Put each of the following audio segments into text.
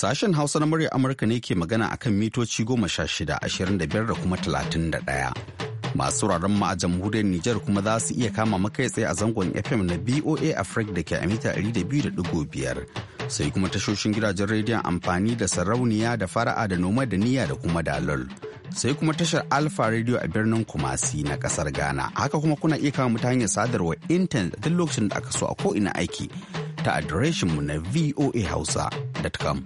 Sashen Hausa na murya Amurka ne ke magana a kan mitoci goma sha shida, ashirin da biyar da kuma talatin da ɗaya. Masu wuraren ma a jamhuriyar Nijar kuma za su iya kama makai tsaye a zangon FM na BOA Africa da ke a mita ɗari da biyu da ɗigo biyar. Sai kuma tashoshin gidajen rediyon amfani da sarauniya da fara'a da noma da niyya da kuma dalol. Sai kuma tashar Alfa Radio a birnin Kumasi na kasar Ghana. Haka kuma kuna iya kama mu ta hanyar sadarwa intanet duk lokacin da aka so a ko ina aiki ta adireshinmu na voa hausa com.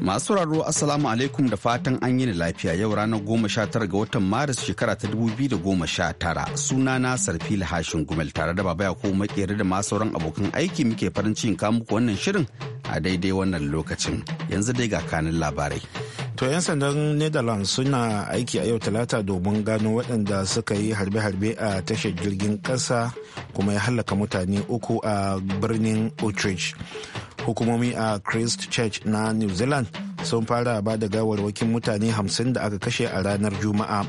Masu raro Assalamu alaikum da fatan an yi lafiya yau ranar goma sha tara ga watan Maris shekara ta dubu biyu da goma sha tara suna na sarfi lahashin Gumel tare da baba ko Makeri da masu sauran abokan aiki muke farin cikin muku wannan shirin a daidai wannan lokacin yanzu dai ga kanin labarai. To 'yan sandan Netherlands suna aiki a yau talata domin gano waɗanda suka yi harbe-harbe a tashar jirgin ƙasa kuma ya hallaka mutane uku a birnin Utrecht. hukumomi a christchurch na new zealand sun fara ba da gawarwakin mutane 50 da aka kashe a ranar juma'a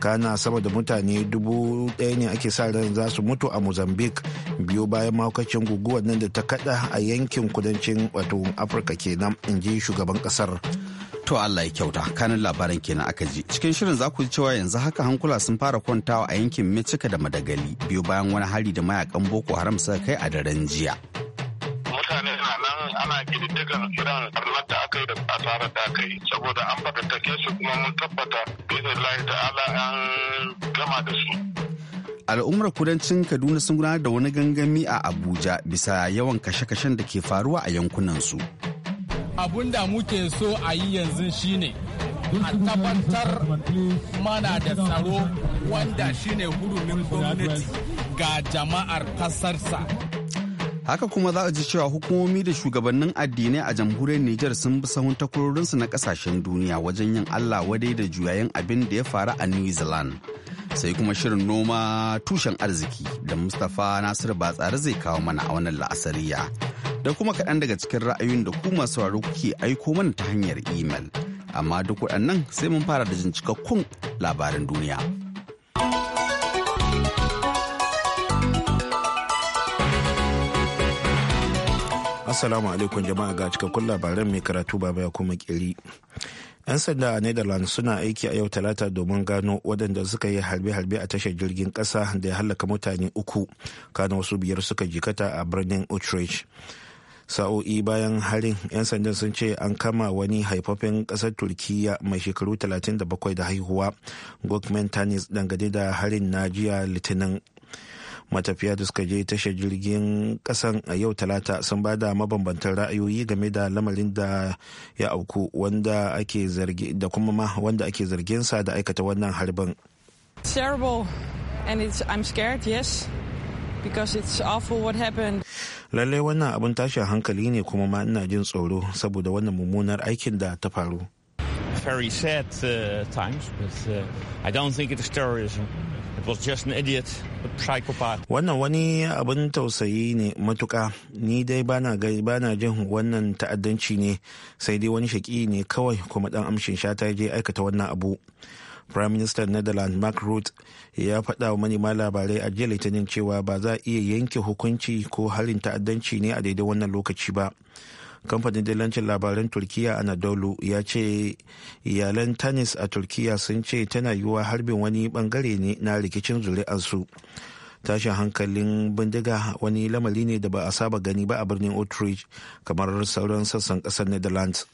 kana sama da mutane dubu ɗaya ne ake sa ran za su mutu a mozambique biyo bayan mahaukacin guguwar nan da ta kada a yankin kudancin wato afirka kenan in ji shugaban kasar to allah ya kyauta kanin labarin kenan aka ji cikin shirin za ku ji cewa yanzu haka hankula sun fara kwantawa a yankin mecika da madagali biyo bayan wani hari da mayakan boko haram suka kai a daren jiya ana kididdigar kiran barnar da aka yi da asarar da aka yi saboda an fatattake su kuma mun tabbata bizin lahi ala an gama da su al'ummar kudancin kaduna sun gudanar da wani gangami a abuja bisa yawan kashe-kashen da ke faruwa a yankunansu abun da muke so a yi yanzu shine a tabbatar mana da tsaro wanda shine hurumin gwamnati ga jama'ar kasarsa haka kuma za a ji cewa hukumomi da shugabannin addinai a jamhuriyar Nijar sun bi sahun takwarorinsu na kasashen duniya wajen yin Allah wadai da juyayin abin da ya faru a New Zealand. Sai kuma shirin noma tushen arziki da Mustapha Nasiru ba tsare zai kawo mana a wannan la'asariya. Da kuma kaɗan daga cikin ra'ayoyin da ku masu sauraro kuke aiko mana ta hanyar email. Amma duk waɗannan sai mun fara da jin cikakkun labaran duniya. Assalamu alaikum jama'a ga cikakkun labaran mai karatu baba ya kuma kiri. 'Yan sanda a Netherlands suna aiki a yau talata domin gano waɗanda suka yi harbe-harbe a tashar jirgin ƙasa da ya halaka mutane uku, kano wasu biyar suka jikata a birnin Utrecht. Sa'o'i bayan harin 'yan sandan sun ce an kama wani haifafen ƙasar Turkiyya mai shekaru talatin da bakwai da haihuwa, Gokmen Tanis dangane da harin na jiya Litinin. matafiya da suka je tashar jirgin kasan a yau talata sun ba da mabambantan ra'ayoyi game da lamarin da ya auku wanda ake zargi da kuma ma wanda ake zargin sa da aikata wannan harbin because it's awful what happened lalle wannan abin tashin hankali ne kuma ma ina jin tsoro saboda wannan mummunar aikin da ta faru very sad uh, times but uh, i don't terrorism It was just an idiot, a psychopath. Wannan wani abin tausayi ne matuka. Ni dai bana na jin wannan ta'addanci ne sai dai wani shaki ne kawai kuma dan amshin shata ya je aikata wannan abu. Prime Minister Netherlands Mark Rutte ya faɗa wa manema labarai a jiya Litinin cewa ba za a iya yanke hukunci ko halin ta'addanci ne a daidai wannan lokaci ba. kamfanin dillancin labaran turkiya anadolu ya ce iyalan tanis a turkiya sun ce tana yiwuwa harbin wani bangare ne na rikicin zuri'arsu tashin hankalin bindiga wani lamari ne da ba a saba gani ba a birnin utrecht kamar sauran sassan kasar netherlands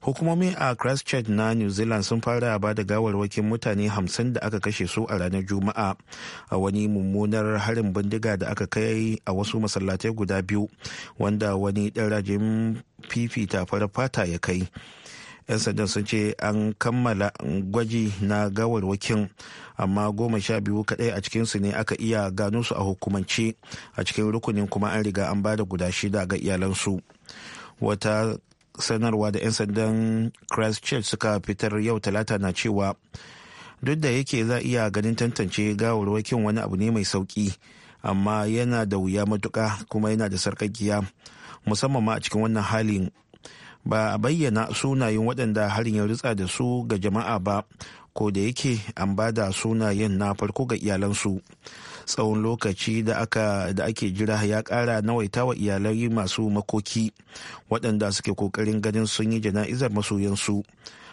hukumomi a christchurch na new zealand sun fara ba da gawarwakin mutane hamsin da aka kashe su a ranar juma'a a wani mummunar harin bindiga da aka kai a wasu masallatai guda biyu wanda wani ɗan rajin fifita farar fata ya kai 'yan sandan sun ce an kammala gwaji na gawarwakin amma goma sha biyu kadai a cikinsu ne aka iya gano su a hukumance a cikin rukunin kuma an riga an ba da guda shida ga iyalansu wata sanarwa da 'yan sandan christchurch suka fitar yau talata na cewa duk da yake za iya ganin tantance gawarwakin wani abu ne mai sauki amma yana da wuya matuka kuma yana da sarkakiya musamman ma a cikin wannan halin ba a bayyana sunayen waɗanda harin ya ritsa da su ga jama'a ba ko da yake an ba da sunayen na farko ga iyalansu tsawon lokaci da ake jira ya ƙara nawaita wa iyalai masu makoki waɗanda suke ƙoƙarin ganin sun yi jana'izar masoyansu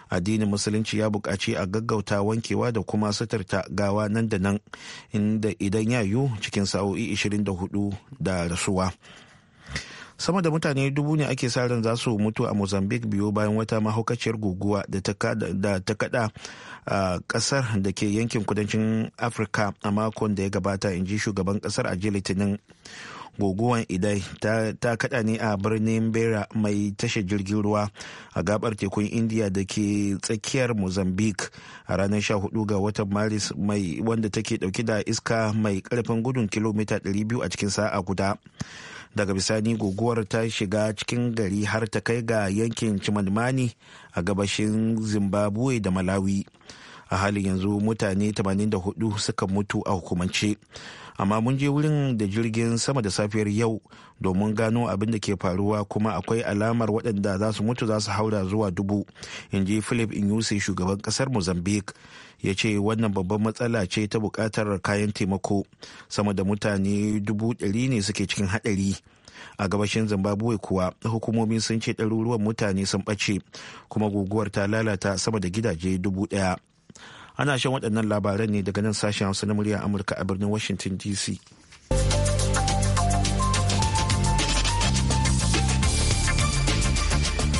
addinin musulunci ya buƙaci a gaggauta wankewa da kuma satarta gawa nan da nan inda idan ya yiwu cikin sa'o'i 24 da rasuwa sama da mutane dubu ne ake sa ran za su mutu a mozambique biyo bayan wata mahaukaciyar guguwa da ta kada a kasar da ke yankin kudancin afirka a makon da ya gabata in ji shugaban kasar a litinin guguwan idai ta kada ne a birnin bera mai tashar jirgin ruwa a gabar tekun india da ke tsakiyar mozambique a ranar 14 ga watan maris mai wanda take dauke da iska mai karfin gudun kilomita 200 a cikin sa'a guda daga bisani guguwar ta shiga cikin gari har ta kai ga yankin chimanimani a gabashin zimbabwe da malawi a halin yanzu mutane 84 suka mutu a hukumance amma mun je wurin da jirgin sama da safiyar yau domin gano abin da ke faruwa kuma akwai alamar waɗanda za su mutu za su haura zuwa dubu in ji philip inyusi shugaban ƙasar mozambique ya ce wannan babban matsala ce ta buƙatar kayan taimako sama da mutane dubu ɗari ne suke cikin haɗari a gabashin zimbabwe kuwa hukumomi sun ce ɗaruruwan mutane sun ɓace kuma guguwar ta lalata sama da gidaje dubu ɗaya ana shan waɗannan labaran ne daga nan sashen hausa na murya amurka a birnin washington dc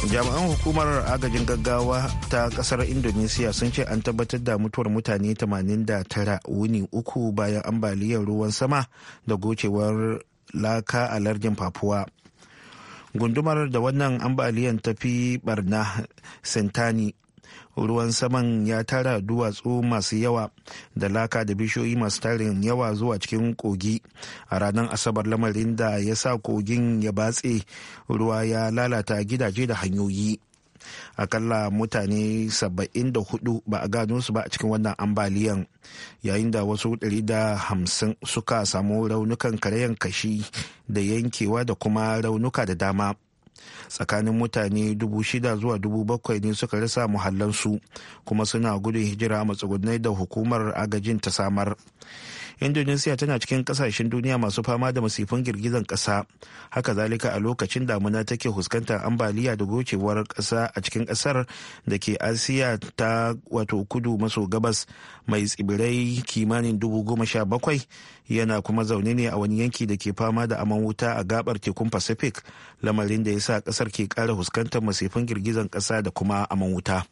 jami'an hukumar agajin gaggawa ta kasar indonesia sun ce an tabbatar da mutuwar mutane 89 wuni uku bayan ambaliyar ruwan sama da gocewar laka a lardin papuwa gundumar da wannan ambaliyar ta fi barna sentani ruwan saman ya tara duwatsu masu yawa da laka da bishiyoyi masu tarin yawa zuwa cikin kogi a ranar asabar lamarin da ya sa kogin ya batse ruwa ya lalata gidaje da hanyoyi akalla mutane 74 ba a gano su ba a cikin wannan ambaliyan yayin da wasu 150 suka samu raunukan karayan kashi da yankewa da kuma raunuka da dama tsakanin mutane dubu shida zuwa dubu bakwai ne suka rasa muhallansu kuma suna gudun hijira matsugunai da hukumar agajin ta samar Indonesia tana cikin kasashen duniya masu fama da masifin girgizan kasa. Haka zalika a lokacin damuna take fuskantar ambaliya da gocewar kasa a cikin kasar da ke Asiya ta wato kudu maso gabas mai tsibirai kimanin dubu goma sha bakwai yana kuma zaune ne a wani yanki da ke fama da aman wuta a gabar tekun Pacific lamarin da ya sa kasar ke kara fuskantar masifin girgizan kasa da kuma aman wuta.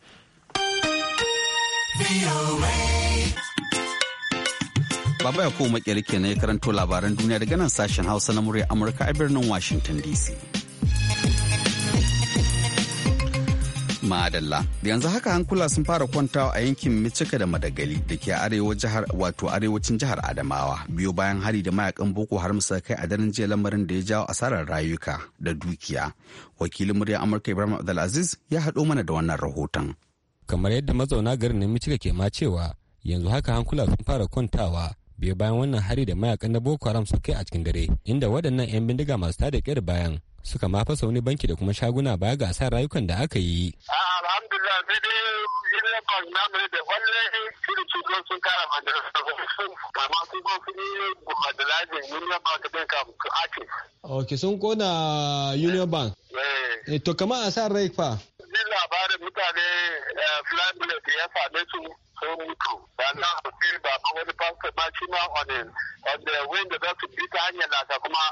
Baba ya kuma makere kenan ya karanto labaran duniya daga nan sashen Hausa na murya Amurka a birnin Washington DC. Madalla. Yanzu haka hankula sun fara kwantawa a yankin Micika da Madagali da ke wato arewacin jihar Adamawa biyo bayan hari da mayakan Boko Haram suka kai a daren jiya lamarin da ya jawo asarar rayuka da dukiya. Wakilin murya Amurka Ibrahim Abdulaziz ya haɗo mana da wannan rahoton. Kamar yadda mazauna garin na Micika ke ma cewa yanzu haka hankula sun fara kwantawa biyo bayan wannan hari da mayakan na boko haram suka kai a cikin dare inda waɗannan 'yan bindiga masu tada kyar bayan suka ma fasa wani banki da kuma shaguna baya ga asar rayukan da aka yi. alhamdulillah sai dai irin kwas na mai da walle shirin cikin sun kara ma da kama sun ko sun yi gumadalajin union bank din kam to ake. ok sun kona union bank. eh, eh to kama asar rai fa. Yin labarin mutane eh, fly bullet ya same su rahoto da ba wani ma wanda za ta hanyar nasa kuma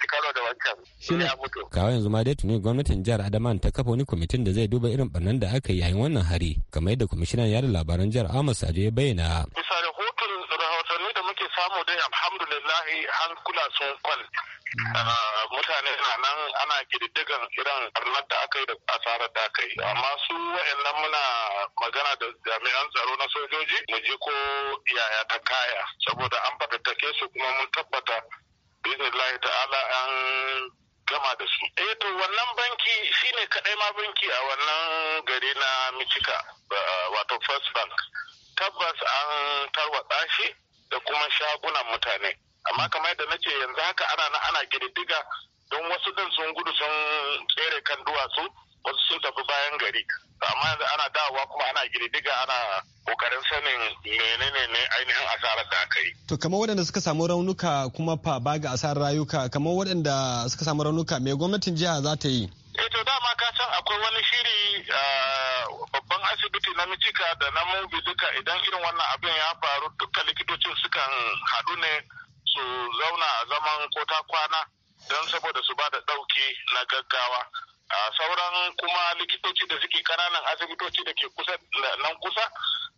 ci karo da wancan. Shi ne kawo yanzu ma dai tuni gwamnatin jihar adama ta kafa wani kwamitin da zai duba irin barnan da aka yi yayin wannan hari kamar yadda kwamishinan yada labaran jihar Amos Ajo ya bayyana. Bisa rahoton rahotanni da muke samu dai alhamdulillah hankula sun kwal. Mm. Ah, mutane na nan ana kididdigan irin karnar da aka yi da asarar da aka yi amma su wa'annan muna magana da jami'an tsaro na sojoji mu ji ko yaya ta kaya saboda an fatattake su kuma mun tabbata bisnillahi ta'ala an gama da su eh to wannan banki shine kadai ma banki a wannan gari na michika wato first bank tabbas an tarwatsa shi da kuma shagunan mutane amma kamar yadda nace yanzu haka ana na ana kididdiga don wasu din sun gudu sun tsere kan duwatsu wasu sun tafi bayan gari amma yanzu ana dawowa kuma ana girdiga ana kokarin sanin menene ne ainihin asarar da aka yi. To kamar waɗanda suka samu raunuka kuma fa ga asarar rayuka kamar waɗanda suka samu raunuka me gwamnatin jiha za ta yi? Eh to dama ka san akwai wani shiri ah, babban asibiti na micika da na Mubi duka idan irin wannan abin ya faru duka likitocin sukan haɗu ne su zauna a zaman ko ta kwana don saboda su ba da ɗauki na gaggawa a sauran kuma likitoci da suke kananan asibitoci da ke kusa nan kusa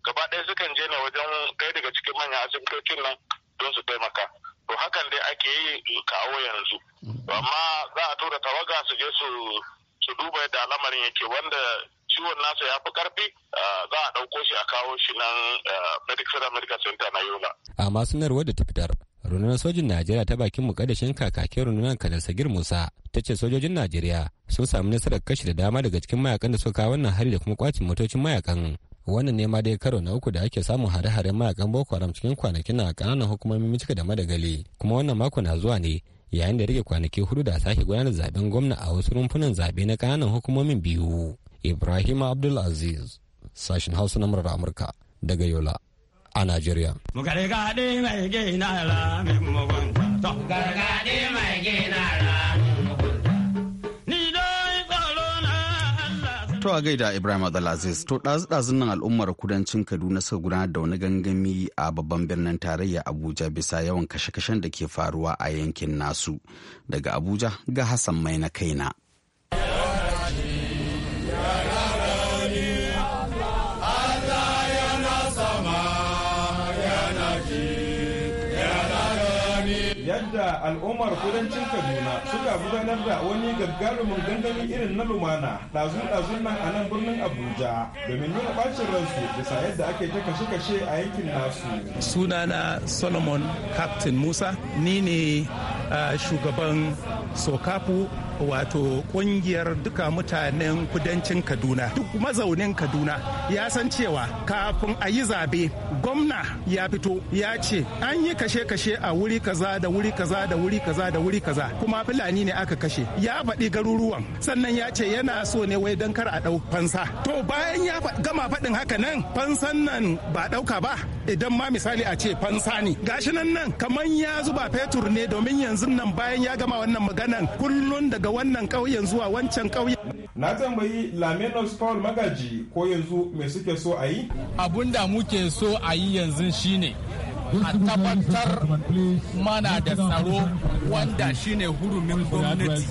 gaba ɗaya sukan je ne wajen ɗaya daga cikin manyan asibitocin nan don su taimaka to hakan dai ake yi kawo yanzu amma za a tura tawaga su je su duba yadda lamarin yake wanda ciwon nasa ya fi karfi za a ɗauko shi a kawo shi nan medical center na yola a masu da ta fitar rundunar sojin najeriya ta bakin mukaddashin kakakin rundunar kanar sagir musa ta ce sojojin najeriya sun samu nasarar kashe da dama daga cikin mayakan da suka wannan hari da kuma kwacin motocin mayakan wannan ne ma dai karo na uku da ake samun hare-haren mayakan boko haram cikin kwanakin na kananan hukumomin michiga da madagali kuma wannan mako na zuwa ne yayin da rage kwanaki hudu da sake gudanar zaben gwamna a wasu rumfunan zabe na kananan hukumomin biyu ibrahim abdulaziz sashen hausa na murar amurka daga yola a Najeriya. To a gaida Ibrahim Abdulaziz to ɗazu-ɗazun nan al'ummar kudancin Kaduna suka gudanar da wani gangami a babban birnin tarayya Abuja bisa yawan kashe-kashen da ke faruwa a yankin nasu. Daga Abuja ga Hassan mai na kaina. al'ummar kudancin kaduna suka gudanar da wani gagarumin gangami irin na lumana ɗazun-ɗazun nan a nan birnin abuja domin nuna bacin ransu bisa yadda ake ta kashe-kashe a yankin nasu sunana solomon captain musa ni ne ah, shugaban sokafu wato kungiyar duka mutanen kudancin kaduna duk mazaunin kaduna ya san cewa kafin a yi zabe gwamna ya fito ya ce an yi kashe-kashe a wuri kaza da wuri kaza da wuri kaza da wuri kaza kuma fulani ne aka kashe ya faɗi garuruwan sannan ya ce yana so ne wai don kar a ɗau fansa to bayan ya gama faɗin haka nan fansan nan ba ɗauka ba idan ma misali a ce fansa ne gashi nan nan kamar ya zuba fetur ne domin yanzu nan bayan ya gama wannan maganan kullun daga daga wannan ƙauyen zuwa wancan ƙauyen. na tambayi laminos paul magaji ko yanzu me suke so a yi abun da muke so a yi yanzu shine a tabbatar mana da tsaro wanda shine hurumin gwamnati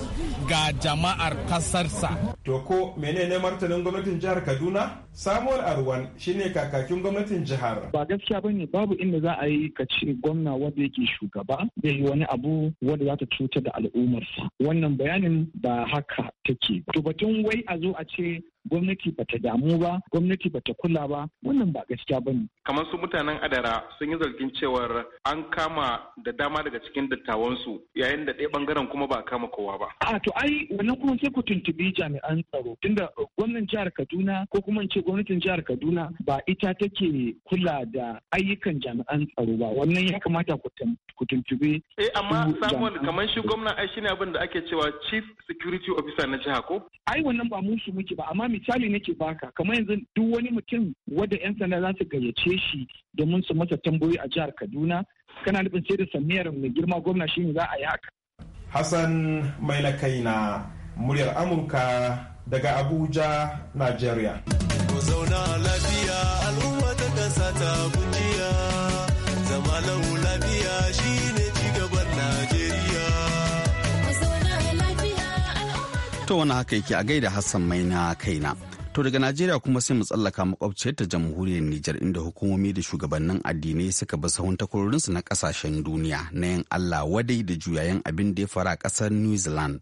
ga jama'ar kasarsa. To ko menene martanin gwamnatin jihar Kaduna? Samuel Arwan shine kakakin gwamnatin jihar. Ba gaskiya bane babu inda za a yi ka ce gwamna wanda yake shugaba zai yi wani abu wanda za ta cutar da al'ummarsa. Wannan bayanin ba haka take. To batun wai a zo a ce gwamnati bata damu ba gwamnati bata kula ba wannan ba gaskiya bane kamar su mutanen adara sun yi zargin cewar an kama da dama daga cikin dattawansu yayin da ɗaya bangaren kuma ba kama kowa ba a to ai wannan kuma sai ku tuntubi jami'an tsaro tunda uh, gwamnan jihar Kaduna ko kuma ce gwamnatin jihar Kaduna ba ita take kula da ayyukan jami'an tsaro ba wannan ya kamata ku tuntubi eh amma Samuel kamar shi gwamna ai shine abin da ake cewa chief security officer na jiha ko ai wannan ba mu shi muke ba amma me misali nake baka kamar yanzu duk wani mutum wanda 'yan sanda za su gayyace shi domin su masa tambayoyi a jihar kaduna kana nufin sai da samiyar mai girma gwamna shi za a yi haka hassan mai na na muryar amurka daga abuja nigeria zauna lafiya al'umma ta zama lafiya shine To wani haka yake a gaida Hassan mai na kaina. To daga Najeriya kuma sai mu tsallaka makwabciyar ta jamhuriyar Nijar inda hukumomi da shugabannin addinai suka bi sahun takwarorinsu na kasashen duniya na yan Allah wadai da juyayen abin da ya fara kasar New Zealand.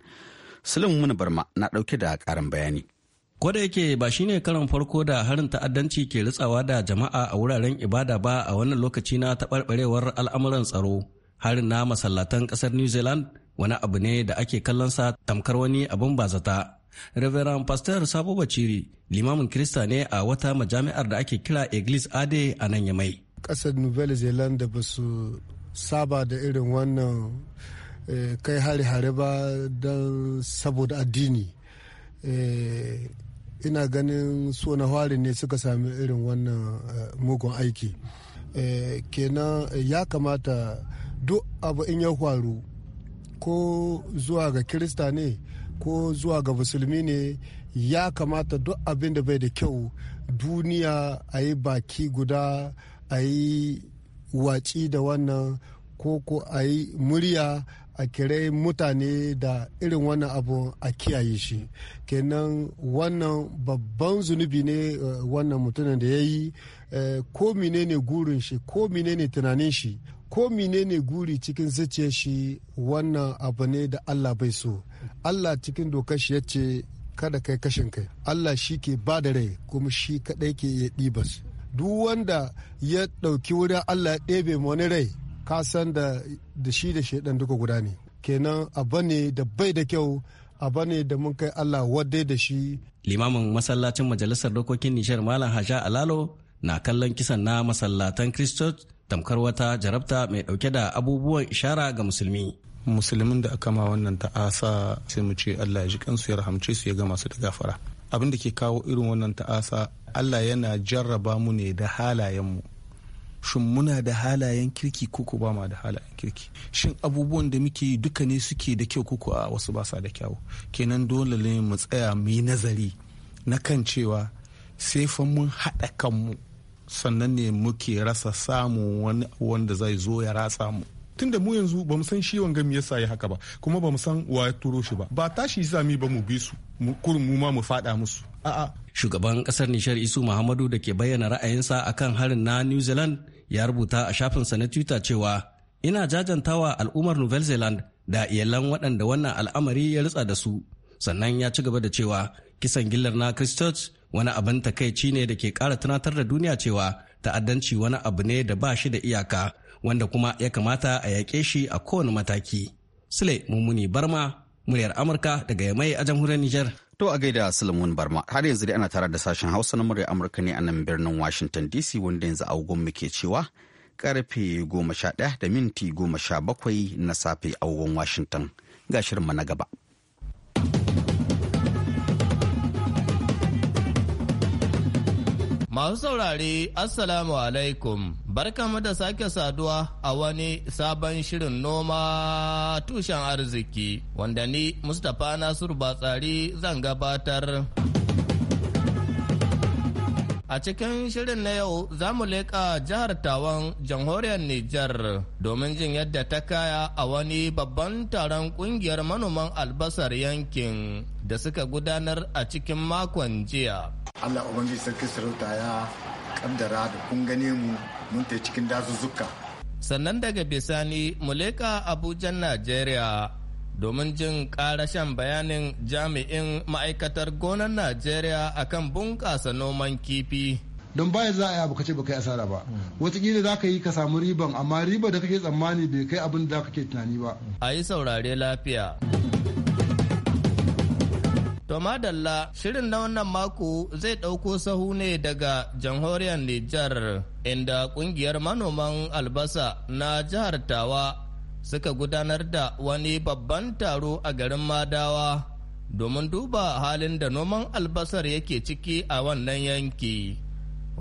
Sulaimu Muna Barma na ɗauke da karin bayani. da yake ba shine karan farko da harin ta'addanci ke ritsawa da jama'a a wuraren ibada ba a wannan lokaci na taɓarɓarewar al'amuran tsaro. Harin na masallatan kasar New Zealand wani abu ne da ake kallonsa tamkar wani abin bazata. Reverend Pastor Sabo Baciri limamin Kirista ne a wata majami'ar da ake kira Eglis Ade a nan Yamai. Ƙasar Nouvelle Zealand ba su saba da irin wannan eh, kai hare-hare ba don saboda addini. Eh, ina ganin so na hwari ne suka sami irin wannan eh, mugun aiki kenan ya kamata duk abu in ya faru ko zuwa ga kirista ne ko zuwa ga musulmi ne ya kamata duk abin da bai da kyau duniya a yi baki guda a yi waci da wannan ko ko a yi murya a kira mutane da irin wannan abu a kiyaye shi kenan wannan babban zunubi ne eh, wannan mutumin da ya yi eh, ko menene gurin shi ko menene tunanin shi ko menene guri cikin zuciyar shi wannan abu ne da Allah bai so Allah cikin dokar shi yace kada kai kashin kai Allah shi ke ba da rai kuma shi kadai ke iya ɗibas duk wanda ya ɗauki wurin Allah ya ɗebe wani rai ka san da da shi da shaidan duka guda ne kenan abu ne da bai da kyau abu ne da mun kai Allah wadai da shi limamin masallacin majalisar dokokin nishar malam hasha alalo na kallon kisan na masallatan Christchurch tamkar wata jarabta mai dauke da abubuwan ishara ga musulmi. Musulmin da aka ma wannan ta'asa sai mu ce Allah ya ji kansu ya rahamce su ya gama su da gafara. Abin da ke kawo irin wannan ta'asa Allah yana jarraba mu ne da halayenmu. Shin muna da halayen kirki koko ba ma da halayen kirki? Shin abubuwan da muke yi duka ne suke da kyau koko a wasu ba sa da kyau? Kenan dole ne mu tsaya mu yi nazari na kan cewa sai fa mun haɗa kanmu sannan ne muke rasa samu wani wanda zai zo ya ratsa mu tunda mu yanzu bamu san shi wanga me yasa ya haka ba kuma bamu san wa ya turo shi ba ba tashi zami ba mu bi su mu kurin mu ma mu fada musu a'a shugaban kasar nishar isu muhammadu da ke bayyana ra'ayinsa akan harin na new zealand ya rubuta a shafin sa na twitter cewa ina jajantawa al'ummar nouvelle zealand da iyalan waɗanda wannan al'amari ya ritsa da su sannan ya ci gaba da cewa kisan gillar na christchurch wani abin takaici ne da ke kara tunatar da duniya cewa ta'addanci wani abu ne da ba shi da iyaka wanda kuma ya kamata a yaƙe shi a kowane mataki. Sule Mummuni Barma, muryar Amurka daga Yamai a jamhuriyar Nijar. To a gaida Sulaimun Barma, har yanzu dai ana tare da sashen Hausa na muryar Amurka ne a nan birnin Washington DC wanda yanzu agogon mu ke cewa karfe goma sha ɗaya da minti goma sha bakwai na safe agogon Washington. Ga shirin shirinmu na gaba. Masu saurare, Assalamu alaikum, barkamu da sake saduwa a wani sabon shirin noma tushen arziki, wanda ni Mustapha Nasiru Batsari zan gabatar. A cikin shirin na yau za mu leƙa jihar Tawan jamhuriyar Nijar domin jin yadda ta kaya a wani babban taron ƙungiyar manoman albasar yankin da suka gudanar a cikin makon jiya. Allah Ubangiji Sarki Sarauta ya kaddara da kun gane mu mun cikin dazuzzuka. Sannan daga bisani mu leƙa Abuja Najeriya domin jin shan bayanin jami'in ma'aikatar gonar najeriya akan bunƙasa noman kifi don baya za a yi abu ba kai asara ba hmm. watakila za ka yi ka samu riban amma riba da kake tsammani bai kai abin da kake tunani ba a yi saurare lafiya To madalla shirin na wannan mako zai ɗauko sahu ne daga jamhuriyar Nijar inda ƙungiyar manoman albasa na jihar Tawa suka gudanar da wani babban taro a garin Madawa domin duba halin da noman albasar yake ciki a wannan yanki.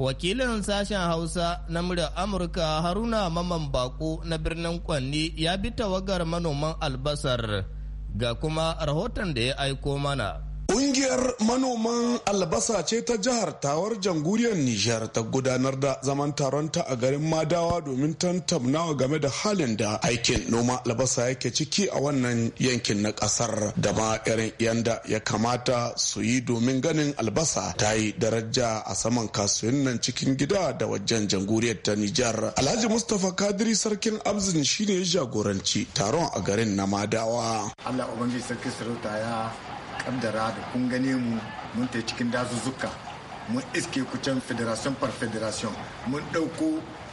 Wakilin sashen Hausa na muryar Amurka Haruna Maman Bako na birnin Kwanni ya bi tawagar manoman albasar ga kuma rahoton da ya aiko mana. Ƙungiyar manoman albasa ce ta jihar Tawar Janguriyar Nijar ta gudanar da zaman taronta a garin Madawa domin tantamnawa game da halin da aikin noma albasa yake ciki a wannan yankin na ƙasar da ma irin yanda ya kamata su yi domin ganin albasa ta yi daraja a saman nan cikin gida da wajen janguriyar ta Nijar. Alhaji Mustapha Kadiri Sarkin Abzin shine ya jagoranci taron a garin na Madawa. Allah Ubangiji Sarki Sarauta ya kaddara da kun gane mu mun ta cikin dazuzzuka mun iske ku can federation par federation mun ɗauko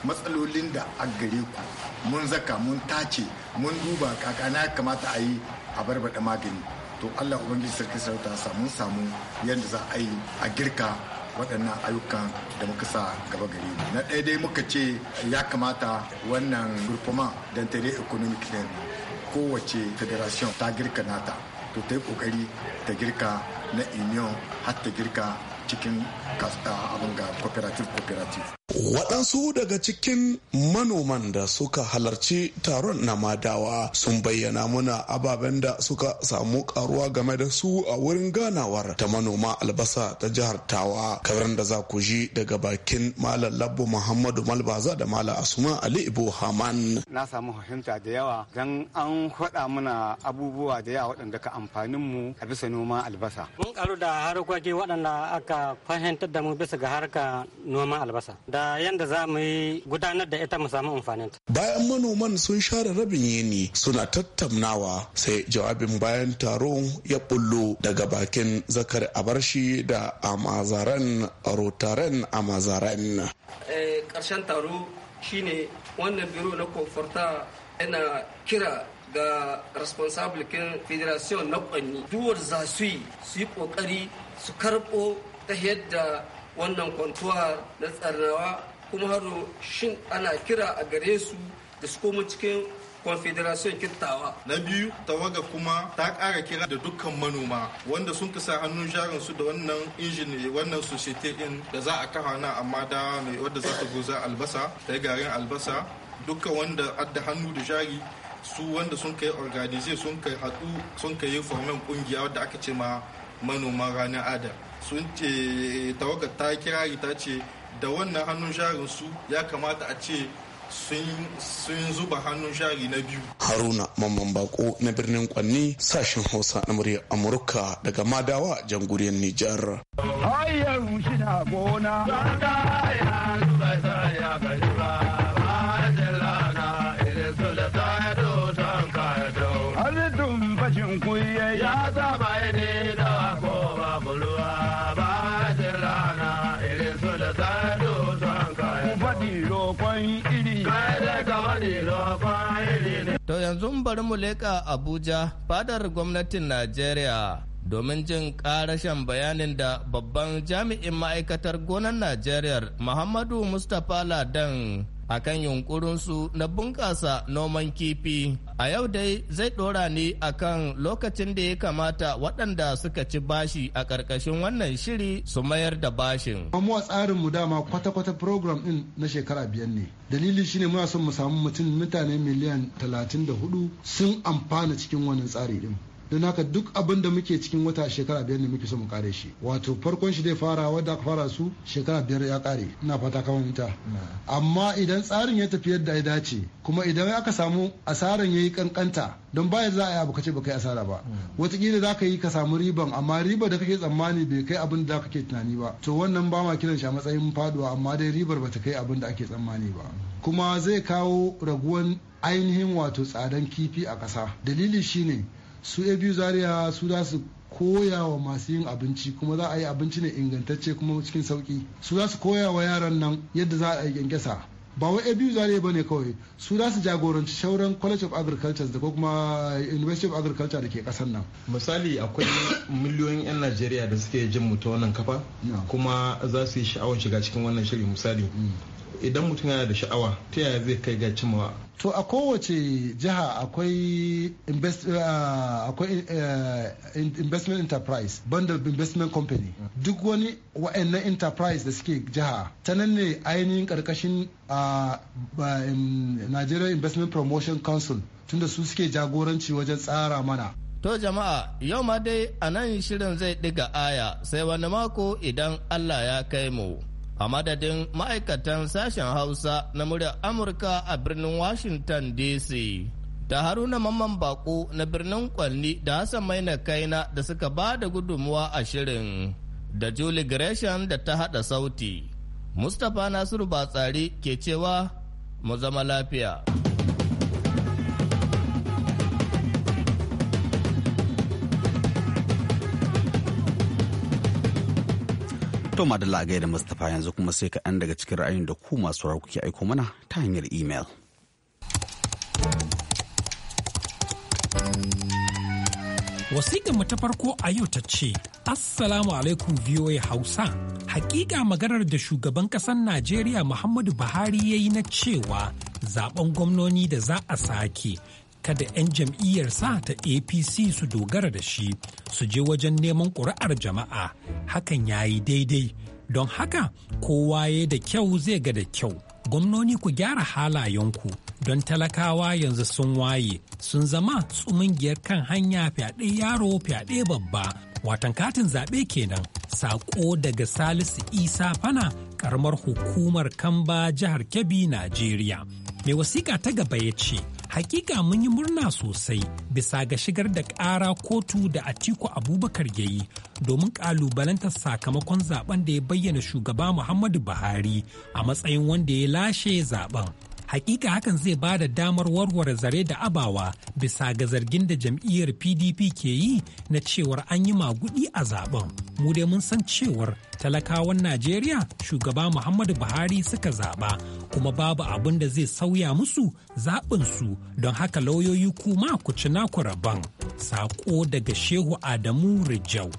matsalolin da a gare ku mun zaka mun tace mun duba kakana kamata a yi a barbaɗa magani to allah ubangiji sarki sarauta samu samu yadda za a yi a girka waɗannan ayyukan da muka sa gaba gari na ɗaya dai muka ce ya kamata wannan gurfama dantare economic kowace federation ta girka nata to ta yi kokari ta girka na union har ta girka cikin abin ga cooperative cooperative. Waɗansu daga cikin manoman da suka halarci taron na madawa sun bayyana muna ababen da suka samu karuwa game da su a wurin ganawar ta manoma albasa ta jihar Tawa. Kamar da za ku ji daga bakin Malam labo Muhammadu Malbaza da Malam Asuma Ali Ibo Haman. Na samu fahimta da yawa don an faɗa mana abubuwa da yawa waɗanda ka amfanin mu a bisa noma albasa. Mun karu da harkokin waɗanda aka ka fahimtar da mu bisa ga harka noman albasa da yanda za mu yi gudanar da ita mu samu ta. Bayan manoman sun share rabin yini suna tattaunawa sai jawabin bayan taro ya bullo daga bakin zakar abarshi da amazaran rotaren amazaran. Eh, karshen taro shine wannan biro na kofarta yana kira ga responsible federation na kwanni duwar za su yi su yi kokari su karɓo ta yadda wannan kwantuwa na tsarnawa kuma haro shin ana kira a gare su da su koma cikin confederation kittawa na biyu tawaga kuma ta kara kira da dukkan manoma wanda sun kasa hannun jarin su da wannan injini wannan societe din da za a kafa na amma da mai wadda za ta goza albasa ta garin albasa dukkan wanda adda hannu da jari su wanda sun kai organize sun kai haɗu sun kai formen kungiya wadda aka ce ma manoman ranar ada sun ce ta kirari ta ce da wannan hannun jarin su ya kamata a ce sun zuba hannun shari na biyu. Haruna Mamman Bako na birnin Kwanni sashen Hausa na muryar Amurka daga Madawa jamhuriyar Nijar. Hayar gona. yanzu bari mu leƙa Abuja fadar gwamnatin Najeriya domin jin ƙarashen bayanin da babban jami'in ma'aikatar gonar Najeriya Muhammadu Mustapha Ladan akan yunkurinsu na bunƙasa noman kifi a yau dai zai ɗora ne a kan lokacin da ya kamata waɗanda suka ci bashi a ƙarƙashin wannan shiri su mayar da bashin. mu tsarin mu dama kwata-kwata program ɗin na shekara biyar ne dalili shine muna son mu samu mutum mutane miliyan talatin da hudu sun amfana cikin wannan tsari ɗin don haka duk abin da muke cikin wata shekara biyar ne muke so mu kare shi wato farkon shi zai fara wanda aka fara su shekara biyar ya kare ina fata ka fahimta amma idan tsarin ya tafi yadda ya dace kuma idan aka samu asaran ya yi kankanta don baya za a yi abu kace ba kai asara ba hmm. Watakila za ka yi ka samu riban amma riba da kake tsammani bai kai abin da kake tunani ba to wannan ba ma kiran shi a matsayin faduwa amma dai ribar bata kai abin da ake tsammani ba kuma zai kawo raguwan ainihin wato tsadan kifi a ƙasa dalili shine su a biyu zaria su za su koya wa masu yin abinci kuma za a yi abinci ne ingantacce kuma cikin sauki su za su koya wa yaran nan yadda za a yi kyankyasa ba wai a biyu zariya ba ne kawai su za su jagoranci shauran college of agriculture da kuma university of agriculture da ke kasar nan misali akwai miliyoyin 'yan najeriya da suke jin mu wannan kafa kuma za su yi sha'awar shiga cikin wannan shirin misali mm. idan mutum yana da sha'awa ta yaya zai kai ga cimawa to a kowace jiha akwai uh, uh, investment enterprise bundle investment company duk wani wa'annan enterprise da suke jiha ta nan ne ainihin karkashin uh, um, nigeria investment promotion council tunda su suke jagoranci wajen tsara mana To jama'a yau ma dai anan shirin zai ɗiga aya sai wani mako idan Allah ya kai mu. a madadin ma'aikatan sashen hausa na muryar amurka a birnin washington dc da haruna mamman bako na birnin kwalli da hassan maina kaina da suka ba da gudunmuwa a shirin da julie gresham da ta hada sauti mustapha nasiru batsari ke cewa mu zama lafiya. To madalla a gaida Mustapha yanzu kuma sai kaɗan daga cikin ra'ayin da ku masu rauku kuke aiko mana ta hanyar imel. Wasiƙar mu ta farko a yau ta ce, Assalamu alaikum VOA Hausa. Hakika maganar da shugaban ƙasar Najeriya Muhammadu Buhari ya yi na cewa zaben gwamnoni da za a sake kada 'yan jam'iyyarsa ta apc su dogara da shi su je wajen neman ƙuri'ar jama'a hakan ya yi daidai don haka kowa ya da kyau zai ga da kyau gwamnoni ku gyara halayenku don talakawa yanzu sun waye sun zama tsumungiyar kan hanya fyaɗe yaro fyaɗe babba watan katin zaɓe kenan saƙo daga salisu isa fana ƙaramar hukumar kamba jihar kebbi najeriya mai wasiƙa ta gaba ya ce hakika mun yi murna sosai bisa ga shigar da ƙara kotu da atiku abubakar ya yi domin ƙalubalantar sakamakon zaben da ya bayyana shugaba muhammadu buhari a matsayin wanda ya lashe zaben hakika hakan zai ba da damar warware zare da abawa bisa ga zargin da jam'iyyar pdp ke yi na cewar an yi magudi a zaben mu dai mun san cewar talakawan najeriya shugaba muhammadu buhari suka zaba kuma babu abin da zai sauya musu zaɓinsu don haka lauyoyi kuma ku ci naku rabon Sako daga shehu adamu rijau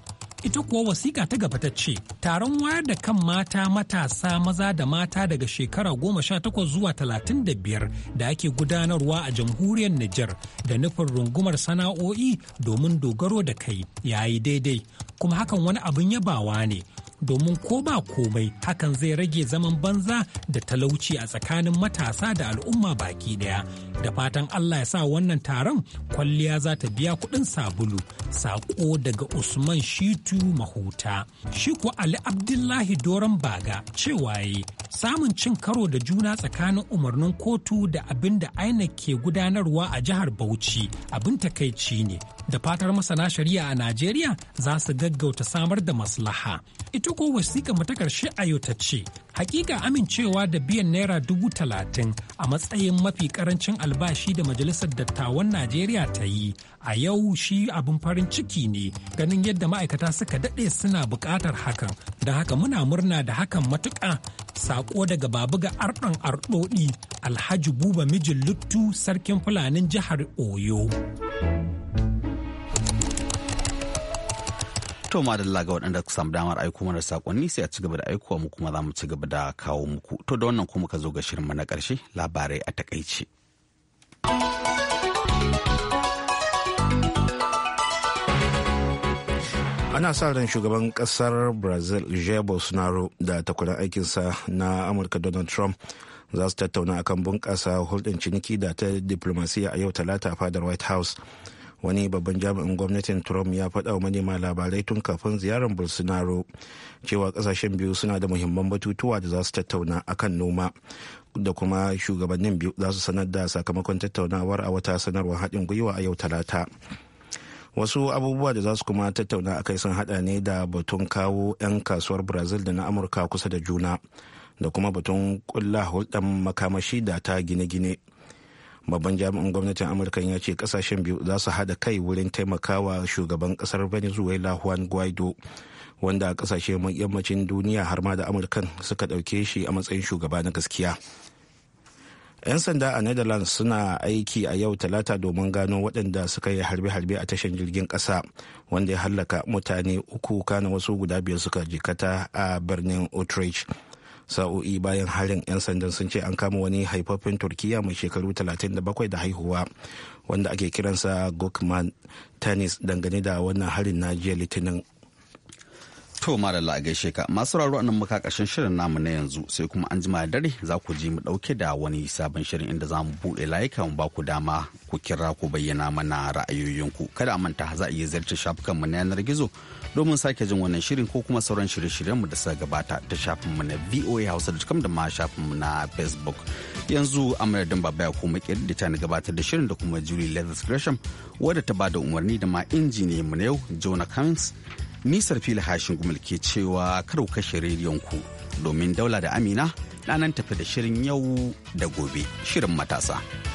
ita kuwa wasiƙa ta gaba ta ce taron wayar da kan mata matasa maza da mata daga shekara goma sha takwas zuwa talatin da biyar da ake gudanarwa a jamhuriyar Nijar da nufin rungumar sana'o'i domin dogaro da kai yayi daidai kuma hakan wani abin yabawa ne domin ko ba komai hakan zai rage zaman banza da talauci a tsakanin matasa da al'umma baki daya da fatan allah ya sa wannan taron kwalliya za ta biya kuɗin sabulu saƙo daga usman shitu mahuta shi ko ali abdullahi doron baga cewa yi samun cin karo da juna tsakanin umarnin kotu da abin da INEC ke gudanarwa a jihar Bauchi abin takaici ne da fatar masana shari'a a Najeriya za su gaggauta samar da maslaha. Ita ko wasiƙa mu ta ƙarshe a yau ta ce, hakika amincewa da biyan naira dubu talatin a matsayin mafi ƙarancin albashi da Majalisar Dattawan Najeriya ta yi a yau shi abin farin ciki ne ganin yadda ma'aikata suka daɗe suna buƙatar hakan. Da haka muna murna da hakan matuƙa saƙo daga babuga arɗon arɗoɗi Alhaji Buba Mijin Luttu Sarkin Fulanin Jihar Oyo. To madalla ga waɗanda ku samu damar aiko mana sakonni sai a ci gaba da aikowa mu kuma za mu ci gaba da kawo muku. To da wannan kuma ka zo ga shirin na ƙarshe labarai a takaice. Ana sa ran shugaban ƙasar Brazil Jair Bolsonaro da takwarar aikinsa na Amurka Donald Trump za su tattauna akan bunƙasa hulɗin ciniki da ta diplomasiya a yau talata a fadar White House. wani babban jami'in gwamnatin trump ya faɗa wa manema labarai tun kafin ziyarar bolsonaro cewa kasashen biyu suna da muhimman batutuwa da za su tattauna akan noma da kuma shugabannin biyu za su sanar da sakamakon tattaunawar a wata sanarwar haɗin gwiwa a yau talata wasu abubuwa da za su kuma tattauna a kai sun haɗa ne da batun kawo 'yan kasuwar brazil da na amurka kusa da juna da kuma batun kulla hulɗar makamashi da ta gine-gine babban jami'in gwamnatin amurka ya ce kasashen biyu za su hada kai wurin taimakawa shugaban ƙasar venezuela juan guaido wanda kasashe yammacin duniya har ma da amurkan suka ɗauke shi a matsayin shugaba na gaskiya 'yan sanda a netherlands suna aiki a yau talata domin gano waɗanda suka yi harbe-harbe a tashar jirgin ƙasa wanda ya hallaka mutane uku kana wasu guda biyar suka jikata a birnin utrecht sa'o'i bayan harin 'yan sandan sun ce an kama wani haifaffen turkiya mai shekaru 37 da haihuwa wanda ake kiransa gokman tanis dangane da wannan harin na jiya litinin To madalla a gaishe ka masu raro nan muka karshen shirin namu na yanzu sai kuma an jima dare za ku ji mu ɗauke da wani sabon shirin inda za mu buɗe layuka mu ba ku dama ku kira ku bayyana mana ra'ayoyinku kada a manta za a iya ziyartar shafukan mu na yanar gizo domin sake jin wannan shirin ko kuma sauran shirye-shiryen mu da suka gabata ta shafin mu na Hausa da ma shafin mu na facebook yanzu amurda dan baba ko kirdi da ta gabatar da shirin da kuma julie Leather gresham wadda ta ba da umarni da ma injiniyan mu na yau jonah Cummings. nisar fili hashin gumal ke cewa kar ku kashe rediyon ku domin daula da amina na nan tafi da shirin yau da gobe shirin matasa.